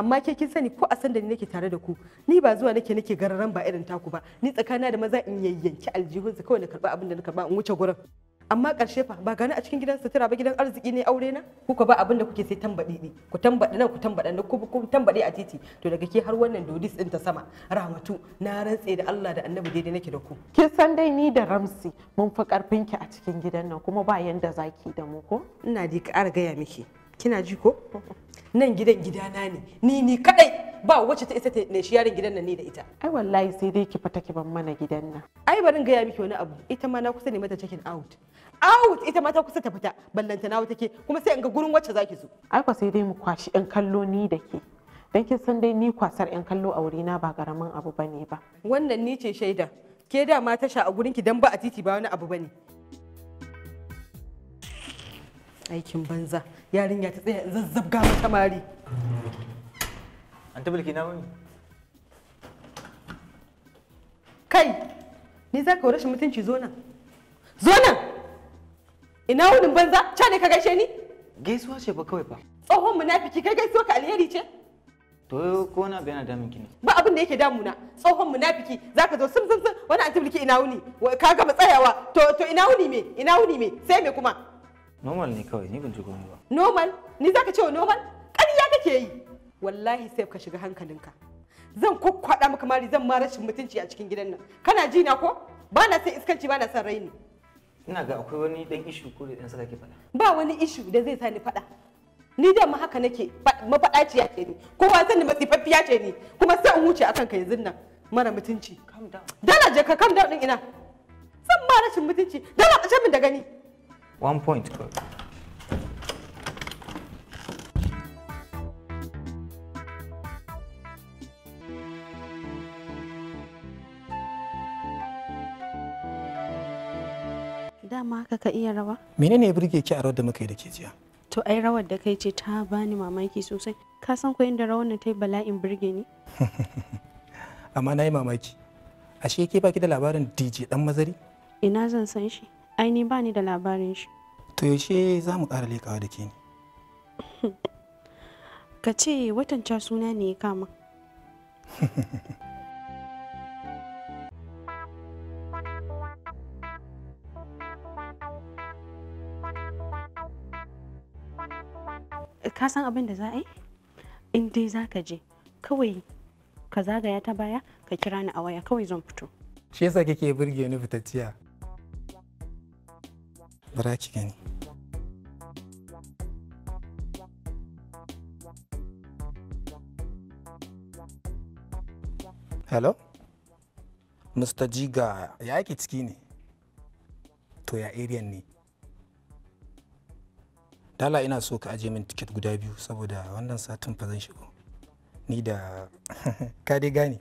amma ke kin sani ko a san da ni nake tare da ku ni ba zuwa nake nake gararan ba irin taku ba ni tsakana da maza in yayyanki aljihun su kawai na karba abin da na karba in wuce gurin amma karshe fa ba gani a cikin gidan sutura ba gidan arziki ne aure na kuka ba abin da kuke sai tambaɗi ne ku tambaɗi nan ku tambaɗi nan ku tambaɗi a titi to daga ke har wannan dodis ɗin ta sama ramatu na rantse da Allah da Annabi daidai nake da ku kin san dai ni da Ramsi mun fi karfin a cikin gidan nan kuma ba yanda zaki da mu ko ina da ƙara gaya miki kina ji ko nan gidan gidana ne ni ni kadai ba wacce ta isa ta ne shi yarin gidan nan ne da ita ai wallahi sai dai ki fita ki ban mana gidan nan ai barin gaya miki wani abu ita ma na kusa ne mata checking out out ita ma ta kusa ta fita ballanta nawa take kuma sai in ga gurin wacce zaki zo ai ko sai dai mu kwashi yan kallo ni da ke dan kin san dai ni kwasar yan kallo a wuri na ba garamin abu bane ba wannan ni ce shaida ke da ma tasha a gurin ki dan ba a titi ba wani abu bane aikin banza yarinya ta tsaya zazzabga mata mari an tabbalki na wani kai ni za ka rashin mutunci zo nan zo nan ina wunin banza ca ne ka gaishe ni gaisuwa ce ba kawai ba tsohon munafiki kai gaisuwa ka alheri ce to ko na bayana damin ki ne ba abin da yake damuna tsohon munafiki zaka zo sim sim sim wani an ina wuni ka gama tsayawa to to ina wuni me ina wuni me sai me kuma normal ne kawai ni ban ji komai ba normal ni ka ce normal ƙarya kake yi wallahi sai ka shiga hankalinka zan kokkwada maka mari zan ma rashin mutunci a cikin gidan nan kana ji na ko ba na san iskanci ba na san raini ina ga akwai wani dan ishu ko da dan saka ke faɗa ba wani ishu da zai sa ni faɗa ni da ma haka nake mafaɗaciya ce ni kowa sani matsifaffiya ce ni kuma sai in wuce akan ka yanzu nan mara mutunci dala je ka kam down din ina zan ma rashin mutunci dala ƙashe min da gani one point koy. Dama haka ka iya rawa? Menene ya burge ki a rawar da muka yi da ke jiya? To ai rawar da kai ce ta bani mamaki sosai. Ka san ko inda rawar ta yi bala'in burge ni? Amma na yi mamaki. Ashe ke baki da labarin DJ dan mazari? Ina zan san shi. aini ni ba ni da labarin shi to yaushe za mu ƙara lekawa da ke ne ka ce watan ca suna ne ya kama ka san abin da za a yi in dai za ka je kawai ka zagaya ta baya ka kira ni a waya kawai zan fito shi yasa kake burge ni fitacciya bara ki gani hello mr jiga ya yake ciki ne to ya area ne dala ina so ka aje min tiket guda biyu saboda wannan satin fa zan shigo ni da ka dai gani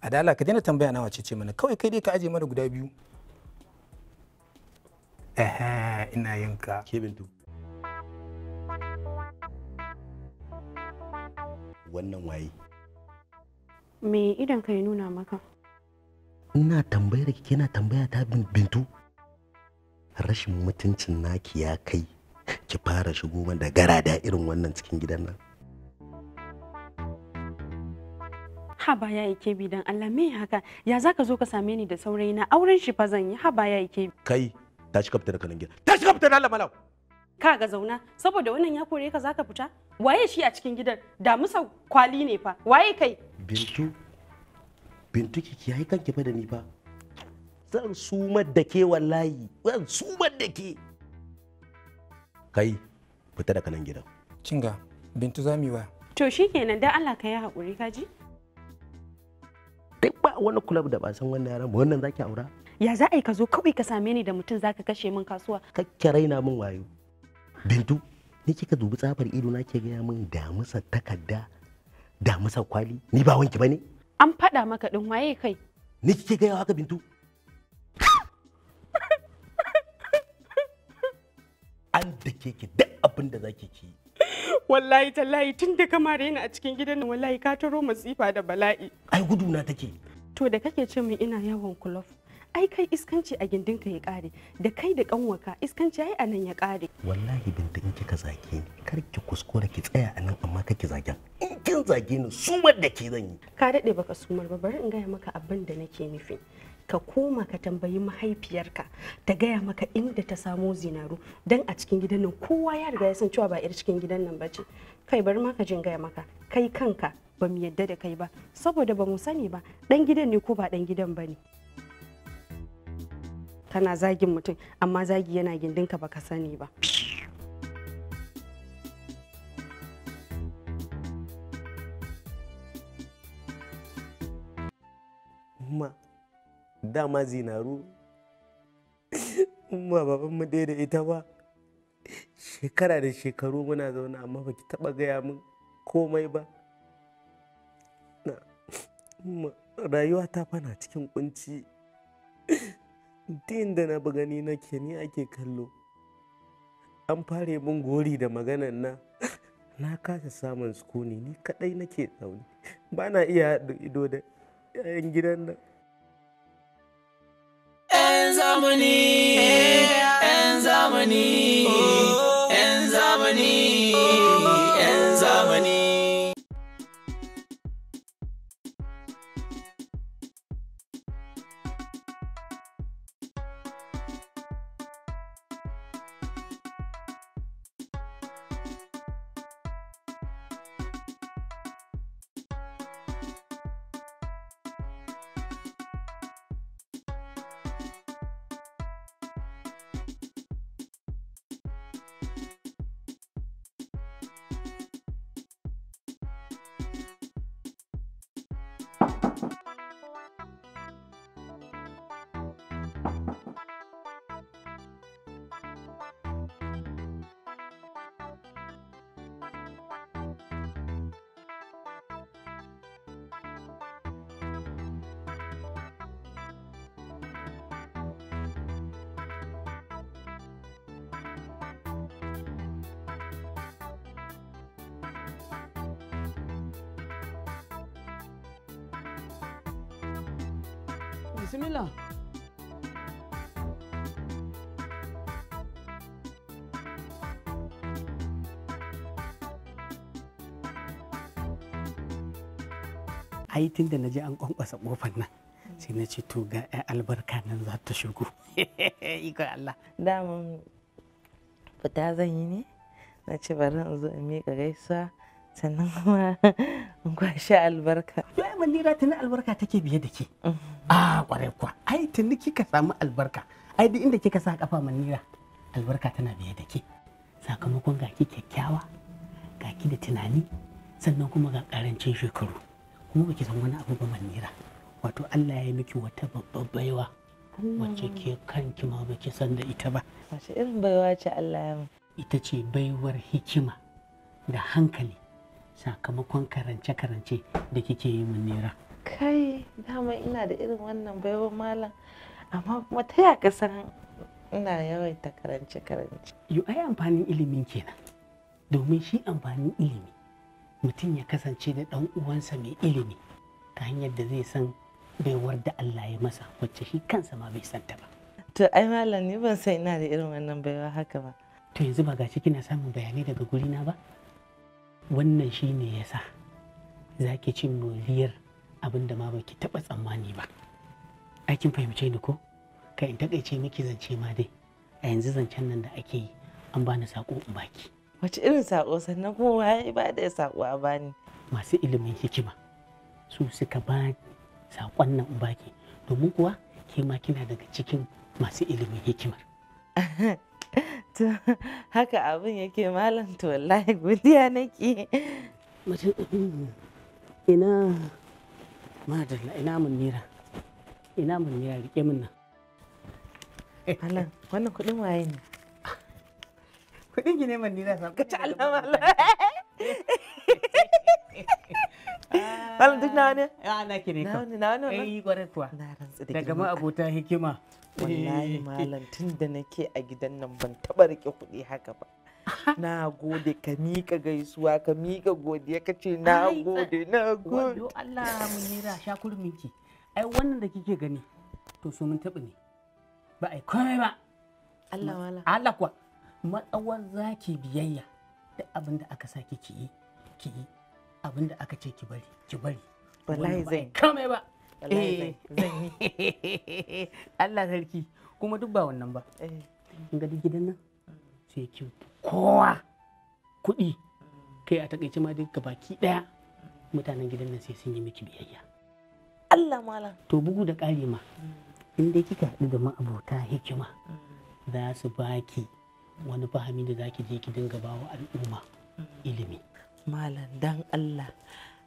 a dala ka daina tambaya na wace ce mana kawai kai dai ka aje mana guda biyu ina yin ka ya nuna maka ina tambayar ki kina tambaya ta bintu rashin mutuncin naki ya kai ki fara shigo da garada irin wannan cikin gidan nan haba ya yi bi don Allah me haka ya za ka zo ka same ni da saurayi na auren shi fa zan yi haba ya yi kebi. kai tashi ka fita daga nan gidan tashi ka fita da Allah malau ka ga zauna saboda wannan ya kore ka zaka fita waye shi a cikin gidan da musa kwali ne fa waye kai bintu bintu ki kiyaye kanki fa da ni fa zan sumar da ke wallahi zan sumar da ke kai fita daga nan gidan cinga bintu za mu yi wa to shikenan dan Allah ka yi hakuri ka ji duk ba wani club da ba san wannan yaran ba wannan zaki aura ya za a yi ka zo kawai ka same ni da mutum ka kashe min kasuwa ka kakke raina min wayo bintu ni kika dubi tsafar ido na ke gaya min damusa takarda damusa kwali ni ba wanki bane an faɗa maka din waye kai ni kike gaya haka bintu an da ke ki duk abin da zaki ki wallahi tallahi tun da kama raina a cikin gidan nan wallahi ka taro masifa da bala'i ai gudu na take to da kake ce min ina yawan kulof ai kai iskanci a gindin ka ya kare da kai da kanwaka iskanci ai anan ya kare wallahi binta in kika zage ni kar ki kuskura ki tsaya anan amma kake zagen in kin zage ni sumar da ke zan yi ka dade baka sumar ba bari in gaya maka abin da nake nufi ka koma ka tambayi mahaifiyarka ta gaya maka inda ta samo zinaru dan a cikin gidan nan kowa ya riga ya san cewa ba yar cikin gidan nan bace kai bari ka jin gaya maka kai kanka ba mu yadda da kai ba saboda ba mu sani ba dan gidan ne ko ba dan gidan ba ne kana zagin mutum amma zagi yana gindinka baka sani ba ma dama zinaru ma baban mu da ita ba shekara da shekaru muna zaune amma baki taba gaya min komai ba rayuwa ta fana cikin kunci din da na bi gani nake ni ake kallo an fare min gori da maganan na na kasa samun sukuni ni kadai nake tsauni ba na iya haɗu ido da 'ya'yan gidan nan yan zamani yan zamani bismillah ai tun da na je an kwankwasa kofar nan sai na ce to ga albarka nan za ta shigo ikon Allah daman fita zan yi ne na ce bari in zo in miƙa gaisuwa sannan kuma in kwashe albarka. To ai manira tuni albarka take biye da ke. Mm-hmm. A ah, kwarai kuwa ai tuni kika samu albarka. Ai duk inda kika sa kafa manira albarka tana biye da ke. Sakamakon ga ki kyakkyawa, ga ki da tunani, sannan kuma ga karancin shekaru. Kuma baki san wani abu ba manira. Wato Allah ya yi miki wata babbar baiwa. Wacce mm. ke kanki ma baki san da ita ba. Wace irin baiwa ce Allah ya Ita ce baiwar hikima da hankali sakamakon karance-karance da kike yi min nera kai dama ina da irin wannan baiwa malam amma kuma ta ya san ina yawaita karance-karance yi ai amfanin ilimin kenan domin shi amfanin ilimi mutum ya kasance da ɗan uwansa mai ilimi ta hanyar da zai san baiwar da Allah ya masa wacce shi kansa ma bai santa ba to ai malam ni ban san ina da irin wannan baiwa haka ba to yanzu ba gashi kina samun bayanai daga guri na ba wannan shi ne ya sa za ki cin moriyar abin da ma ba ki taɓa tsammani ba aikin fahimce ni ko ka in takaice miki zance ma dai a yanzu zancen nan da ake yi an bani saƙo in baki wace irin saƙo sannan kuma waye ba da saƙo a bani masu ilimin hikima su suka ba saƙon nan in baki domin kuwa ke ma kina daga cikin masu ilimin hikimar to haka abin yake malam to wallahi godiya nake ina madalla ina mun nira ina mun nira rike mun nan wannan kudin waye ne kudin ki mun nira ka Allah malam duk na ne na na na na wani wani na na na wallahi eh, eh. malam tun da nake a gidan nan ban taba rike kuɗi haka ba na gode ka mika gaisuwa ka mika godiya ka ce na gode na gode Allah mu nira kurmi ki. ai wannan da kike gani to so mun taɓa ne ba ai komai ba Allah wala Allah kuwa matsawar zaki biyayya da abin da aka saki ki yi ki yi abin da aka ce ki bari ki bari wallahi zai komai ba Eh. Allah sarki kuma duk ba wannan ba eh. in ga gidan nan sai ki kowa kuɗi kai a takaice ma duka baki ɗaya mutanen gidan nan sai sun yi miki biyayya Allah malam to bugu da ƙari ma in dai kika haɗu da ma'abota hikima za su baki wani fahimi da zaki je ki dinga bawa al'umma ilimi malam dan Allah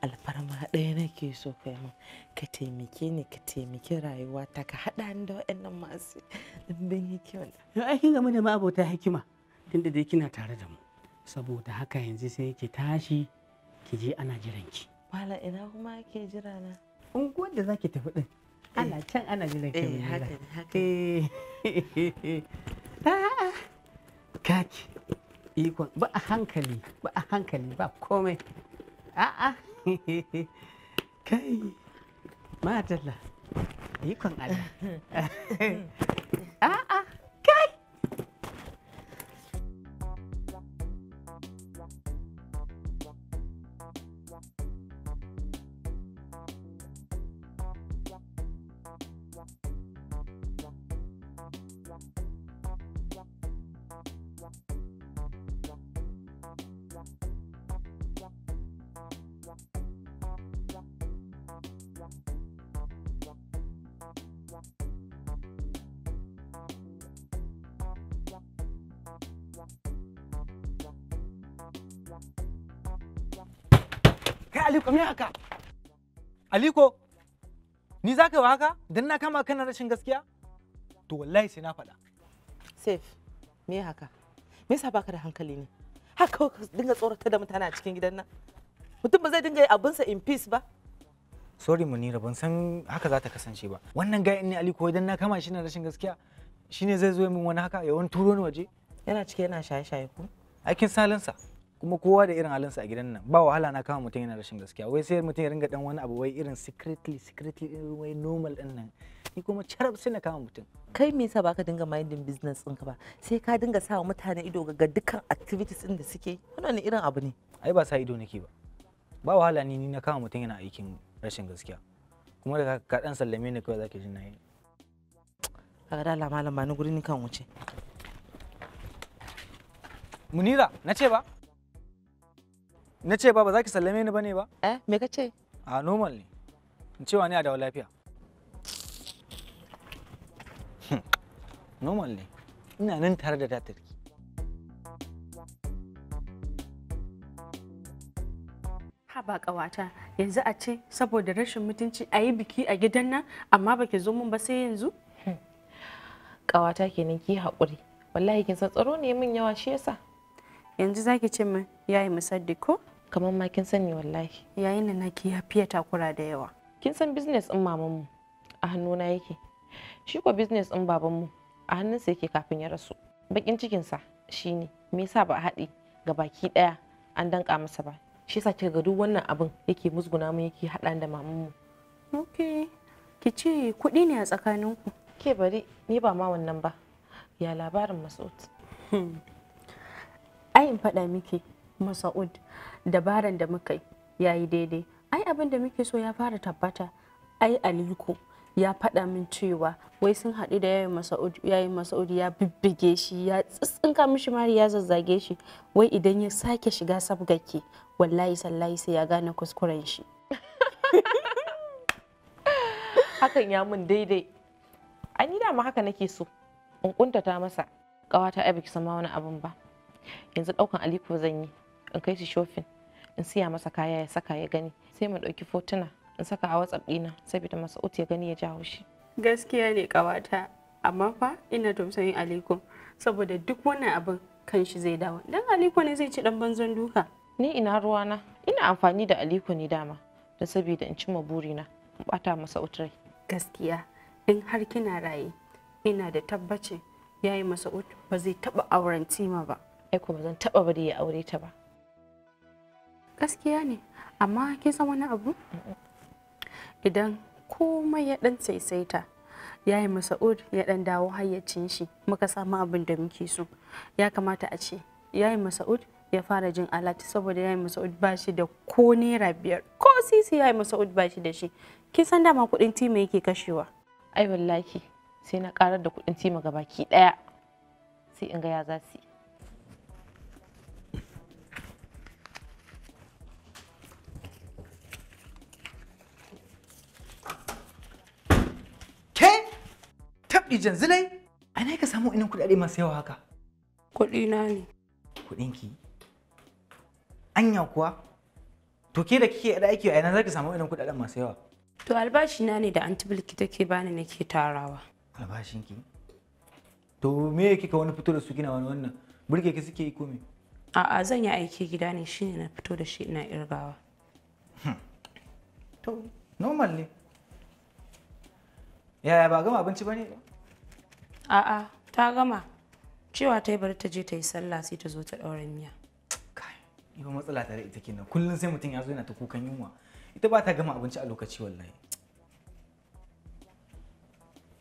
alfarma ɗaya nake so kai ma, ka taimake ni ka taimaki rayuwata ka haɗa ni da waɗannan masu ɗimbin hikima. ya aiki game da ma'abota hikima tunda dai kina tare da mu saboda haka yanzu sai ki tashi ki je ana jiran ki. Wala ina kuma ake jira na. Unguwar da zaki tafi ɗin. Eh. Ana can ana jiran ki. Eh haka haka. Eh. Ah, kaki ikon ba a hankali ba a hankali ba komai. A'a. kai madalla ikon Allah Aliko me haka? Aliko ni za ka yi haka don na kama kana rashin gaskiya? To wallahi sai na faɗa. Safe me haka? Me yasa baka da hankali ne? Haka ka dinga tsorata da mutane a cikin gidan nan? Mutum ba zai dinga yi abinsa in peace ba? Sorry Munira ban san haka za ta kasance ba. Wannan gayan ne Aliko idan na kama shi na rashin gaskiya shine zai zo min wani haka ya wani turo ni waje. Yana cike yana shaye-shaye ko? Aikin salansa. kuma kowa da irin halinsa a gidan nan ba wahala na kama mutum yana rashin gaskiya wai sai mutum ya ringa dan wani abu wai irin secretly secretly irin eh, wai normal din nan ni kuma charab sai na kama mutum kai me yasa baka dinga minding business ka ba sai ka dinga sa wa mutane ido ga dukkan activities din da suke wannan irin abu ne ai ba sa ido nake ba ba wahala ni ni na kama mutum yana aikin rashin gaskiya kuma da ka dan sallame ni kawai zaka ji na yi kaga da malam ba ni guri ni kan wuce munira na ce ba na ce ba ba za ki sallame ni bane ba eh me ka ce a ah, normal ne in cewa ni a dawo lafiya normal ne ina nan tare da datarki ba kawata yanzu a ce saboda rashin mutunci a yi biki a gidan nan amma ba ki zo mun ba sai yanzu? kawata kenan ki haƙuri wallahi kin san tsaro ne min yawa shi yasa yanzu zaki ce min yayi musaddi ko? kamar ma kin sani wallahi yayin da nake ya fiye takura da yawa kin san business din mamanmu a hannuna yake shi ko business din babanmu a hannunsa yake kafin ya rasu bakin cikinsa shine me yasa ba a haɗe ga baki ɗaya an danka masa ba shi yasa kika ga duk wannan abin yake musguna mu yake haɗa da mamanmu okay ki ce kuɗi ne a tsakaninku ke bari ni ba ma wannan ba ya labarin masaud hmm. ai in faɗa miki masa'ud. dabaran da muka ya yi daidai ai abin da muke so ya fara tabbata ai aliko ya faɗa min cewa wai sun haɗu da yayin masaudi ya bibbige shi ya tsitsinka mishi mari ya zazzage shi wai idan ya sake shiga sabgake wallahi sallahi sai ya gane kuskuren shi hakan ya mun daidai an yi dama haka nake so in kuntata masa ƙawata ai baki ma wani abin ba yanzu ɗaukan aliko zan yi in kai shi shofin. in siya masa kaya ya saka ya gani sai mu ɗauki fotuna in saka a whatsapp ɗina saboda masa'ud ya gani ya jawo shi gaskiya ne kawata amma fa ina tausayin aliko saboda duk wannan abin kan shi zai dawo dan aliko ne zai ci dan banzan duka ni ina ruwa na? ina amfani da aliko ne dama don saboda in cimma burina in bata masa rai gaskiya in har kina raye ina da tabbacin yayi masa ba zai taba auren tima ba ai ba zan taba ba da ya aure ta ba gaskiya ne amma kin san wani abu idan komai ya dan saisaita ya yi masa'ud ya dan dawo hayyacin shi muka samu abin da muke so ya kamata a ce ya yi masa'ud ya fara jin alati saboda ya yi masa'ud ba shi da ko naira biyar ko sisi ya yi masa'ud ba shi da shi kin san dama kuɗin tima yake kashewa ai wallahi sai na karar da kuɗin tima gabaki ɗaya sai in ga ya za kabɗi janzilai a na ka samu inin kuɗaɗe masu yawa haka kuɗi na ne kuɗinki anya kuwa to ke da kike da aiki a ina za ki samu inin kuɗaɗen masu yawa to albashi na ne da antibilki take bani nake tarawa albashinki to me ka wani fito da su kina wani wannan burge ki suke yi ko me a'a zan yi aiki gida ne shine na fito da shi ina irgawa hmm. to normal ne yaya ba gama abinci ba ne ba A'a, ta gama. Cewa ta yi bari ta je ta yi sallah sai ta zo ta ɗaura miya. Kai, ba matsala tare ita kenan. Kullum sai mutum ya zo yana ta kukan yunwa. Ita ba ta gama abinci a lokaci wallahi.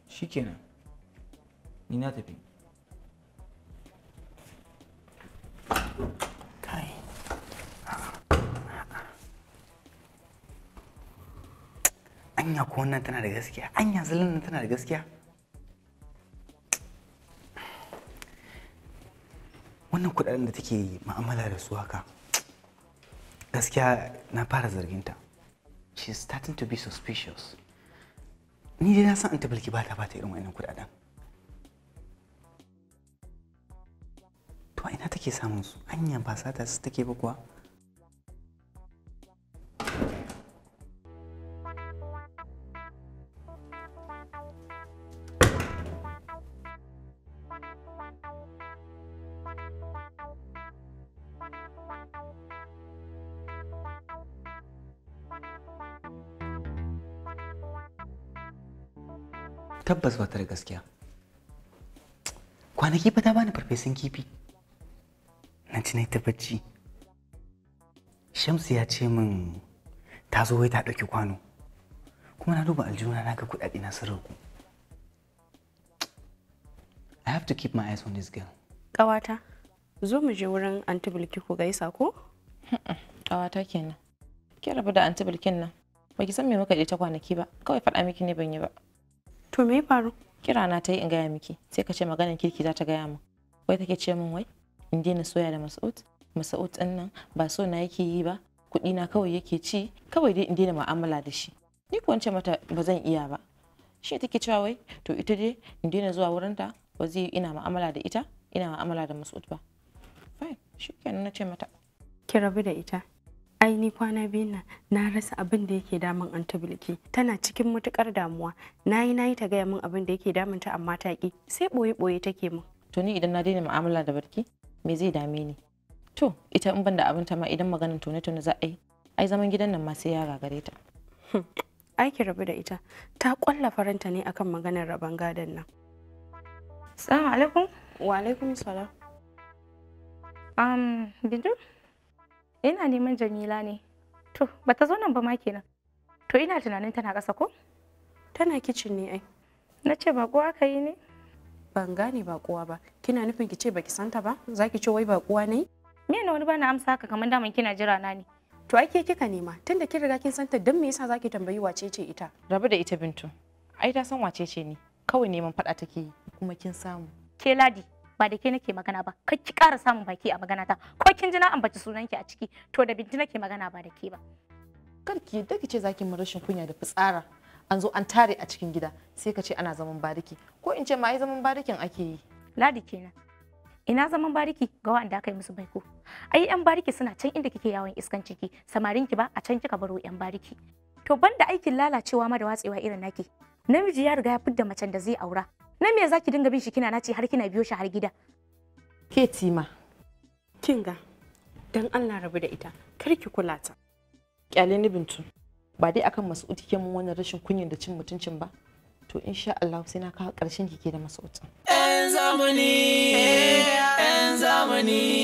Shikenan. Ni na tafi. Anya ko wannan tana da gaskiya? Anya zalin tana da gaskiya? wannan kudaden da take ma'amala da su haka gaskiya na fara zarginta is starting to be suspicious ni dai na san an bilki ba ta bata irin wannan kudaden to ina take samun su anya ba sata su take ba kuwa tabbas ba ta da gaskiya kwanaki ba ta bani farfesun kifi na ci na ta bacci shamsu ya ce min ta zo wai ta ɗauki kwano kuma na duba aljihuna na ga kuɗaɗe na sun ragu I have to keep my eyes on this girl. Ƙawata, zo mu je wurin Anti ko ku gaisa ko? Ƙawata hmm, kenan. Ki rabu da Anti nan. Ba ki san me muka je ta kwanaki ba. Kawai faɗa miki ne ban yi ba. To me faru? Kira na ta yi in gaya miki sai ka ce maganar kirki za ta gaya mun. Wai take ce min wai in daina soya da Mas'ud. Mas'ud ɗin nan ba so na yake yi ba kuɗi na kawai yake ci kawai dai in daina mu'amala da shi. Ni kuwa ce mata ba zan iya ba. Shi take cewa wai to ita dai in daina zuwa wurinta ba zai ina mu'amala da ita ina mu'amala da Mas'ud ba. Fine kenan na ce mata. Ki rabu da ita. ai ni kwana biyu nan na rasa abin da yake damun anta bilki tana cikin matukar damuwa nayi nayi ta gaya min abin da yake damun ta amma ta ki sai boye boye take min to ni idan na daina mu'amala da barki me zai dame ni to ita in ban da abin ta ma idan maganar tone tone za a yi ai zaman gidan nan ma sai ya gagare ta hmm, ai ki rabu da ita ta kwalla faranta ne akan maganar raban gadon nan assalamu alaikum wa alaikum salam um bidu ina neman jamila ne to bata zo nan ba ma kenan to ina tunanin tana ƙasa ko tana kicin ne ai na ce ba kuwa ka yi ne ban gane ba kuwa ba kina nufin ki ce baki santa ba za ki ce wai ba kuwa ne me na wani bana amsa haka kamar daman kina jira na ne to ake kika nema tunda kin riga kin ta dan me yasa zaki tambayi wace ce ita rabu da ita bintu ai ta san wace ce ne. kawai neman faɗa take yi kuma kin samu ke ladi ba da ke nake magana ba kar ki ƙara samun baki a magana ta ko kin ji na ambaci ki a ciki to da binti ke magana ba da ke ba kar ki yadda ki ce zaki mu rashin kunya da fitsara an zo an tare a cikin gida sai ka ce ana zaman bariki ko in ce ma ai zaman barikin ake yi ladi kenan ina zaman bariki ga wanda aka yi musu baiko ai yan bariki suna can inda kike yawon iskan ciki samarin ki ba a can kika baro yan bariki to banda aikin lalacewa ma da watsewa irin naki namiji ya riga ya fidda macen da zai aura na me zaki dinga bin shi kina nace har kina biyo shi har gida ke tima kinga dan Allah rabu da ita kar ki kula ta kyale ni bintu ba dai akan mas'ud ke mun wannan rashin kunyin da cin mutuncin ba to insha Allah sai na kawo karshen kike da mas'ud zamani zamani